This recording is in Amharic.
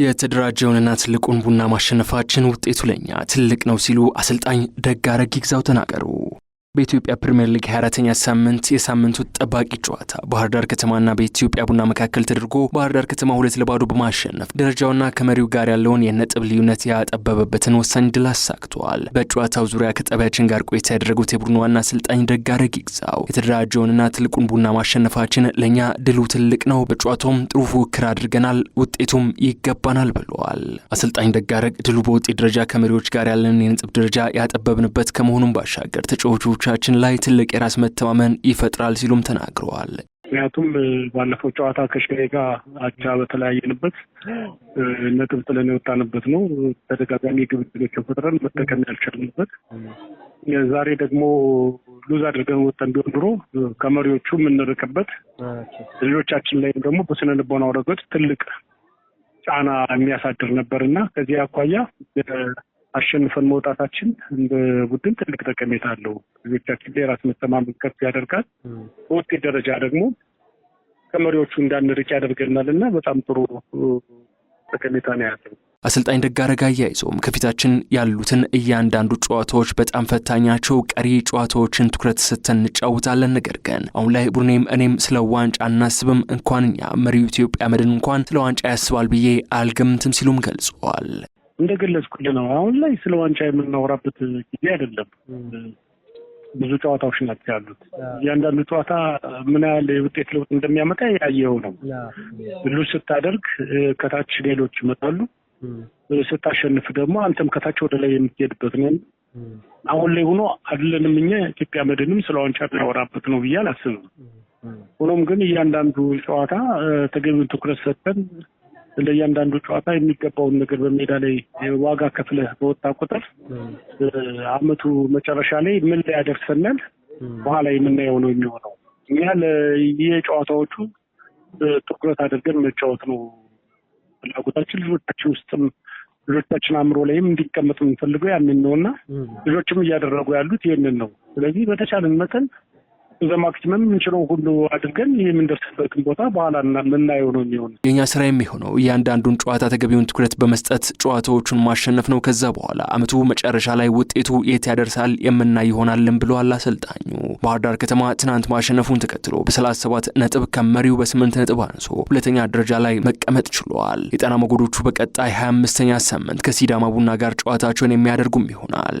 የተደራጀውንና ትልቁን ቡና ማሸነፋችን ውጤቱ ለኛ ትልቅ ነው ሲሉ አሰልጣኝ ደጋረግ ይግዛው ተናገሩ። በኢትዮጵያ ፕሪምየር ሊግ 24 ተኛ ሳምንት የሳምንቱ ጠባቂ ጨዋታ ባህር ዳር ከተማና በኢትዮጵያ ቡና መካከል ተደርጎ ባህር ዳር ከተማ ሁለት ለባዶ በማሸነፍ ደረጃውና ከመሪው ጋር ያለውን የነጥብ ልዩነት ያጠበበበትን ወሳኝ ድል አሳክተዋል። በጨዋታው ዙሪያ ከጠቢያችን ጋር ቆይታ ያደረጉት የቡድኑ ዋና አሰልጣኝ ደጋረግ ይግዛው የተደራጀውንና ትልቁን ቡና ማሸነፋችን ለእኛ ድሉ ትልቅ ነው፣ በጨዋታውም ጥሩ ፉክክር አድርገናል፣ ውጤቱም ይገባናል ብለዋል። አሰልጣኝ ደጋረግ ድሉ በውጤት ደረጃ ከመሪዎች ጋር ያለንን የነጥብ ደረጃ ያጠበብንበት ከመሆኑም ባሻገር ተጫዋቾ ተጫዋቾቻችን ላይ ትልቅ የራስ መተማመን ይፈጥራል ሲሉም ተናግረዋል። ምክንያቱም ባለፈው ጨዋታ ከሽሬ ጋር አቻ በተለያየንበት ነጥብ ጥለን የወጣንበት ነው። ተደጋጋሚ ግብ ዕድሎችን ፈጥረን መጠቀም ያልቻልንበት፣ ዛሬ ደግሞ ሉዝ አድርገን ወጠን ቢሆን ኑሮ ከመሪዎቹ የምንርቅበት፣ ልጆቻችን ላይም ደግሞ በስነ ልቦናው ረገድ ትልቅ ጫና የሚያሳድር ነበር እና ከዚህ አኳያ አሸንፈን መውጣታችን እንደ ቡድን ትልቅ ጠቀሜታ አለው። ልጆቻችን ላይ ራስ መተማመን ከፍ ያደርጋል። በውጤት ደረጃ ደግሞ ከመሪዎቹ እንዳንርቅ ያደርገናል እና በጣም ጥሩ ጠቀሜታ ነው ያለው። አሰልጣኝ ደጋረጋ አያይዘውም ከፊታችን ያሉትን እያንዳንዱ ጨዋታዎች በጣም ፈታኛቸው ቀሪ ጨዋታዎችን ትኩረት ሰጥተን እንጫወታለን። ነገር ግን አሁን ላይ ቡድኔም እኔም ስለ ዋንጫ አናስብም። እንኳን እኛ መሪው ኢትዮጵያ መድን እንኳን ስለ ዋንጫ ያስባል ብዬ አልገምትም ሲሉም ገልጸዋል። እንደገለጽኩልህ ነው። አሁን ላይ ስለ ዋንጫ የምናወራበት ጊዜ አይደለም። ብዙ ጨዋታዎች ናቸው ያሉት። እያንዳንዱ ጨዋታ ምን ያህል የውጤት ለውጥ እንደሚያመጣ ያየው ነው። ሉ ስታደርግ ከታች ሌሎች ይመጣሉ። ስታሸንፍ ደግሞ አንተም ከታች ወደ ላይ የምትሄድበት ነው። አሁን ላይ ሆኖ አይደለንም እኛ ኢትዮጵያ መድንም ስለ ዋንጫ የሚያወራበት ነው ብዬ አላስብም። ሆኖም ግን እያንዳንዱ ጨዋታ ተገቢውን ትኩረት ሰጥተን ለእያንዳንዱ ጨዋታ የሚገባውን ነገር በሜዳ ላይ ዋጋ ከፍለህ በወጣ ቁጥር አመቱ መጨረሻ ላይ ምን ላይ ያደርሰናል በኋላ የምናየው ነው የሚሆነው። እኛ የጨዋታዎቹ ትኩረት አድርገን መጫወት ነው ፍላጎታችን። ልጆቻችን ውስጥም ልጆቻችን አእምሮ ላይም እንዲቀመጥ የምንፈልገው ያንን ነው እና ልጆችም እያደረጉ ያሉት ይህንን ነው። ስለዚህ በተቻለን መጠን ለማክሲመም የምንችለው ሁሉ አድርገን የምንደርስበትን ቦታ በኋላ የምናየው ነው የሚሆነው። የእኛ ስራ የሚሆነው እያንዳንዱን ጨዋታ ተገቢውን ትኩረት በመስጠት ጨዋታዎቹን ማሸነፍ ነው። ከዛ በኋላ አመቱ መጨረሻ ላይ ውጤቱ የት ያደርሳል የምናይ ይሆናልን ብለዋል አሰልጣኙ። ባህር ዳር ከተማ ትናንት ማሸነፉን ተከትሎ በሰላሳ ሰባት ነጥብ ከመሪው በስምንት ነጥብ አንሶ ሁለተኛ ደረጃ ላይ መቀመጥ ችሏል። የጣና መጎዶቹ በቀጣይ ሀያ አምስተኛ ሳምንት ከሲዳማ ቡና ጋር ጨዋታቸውን የሚያደርጉም ይሆናል።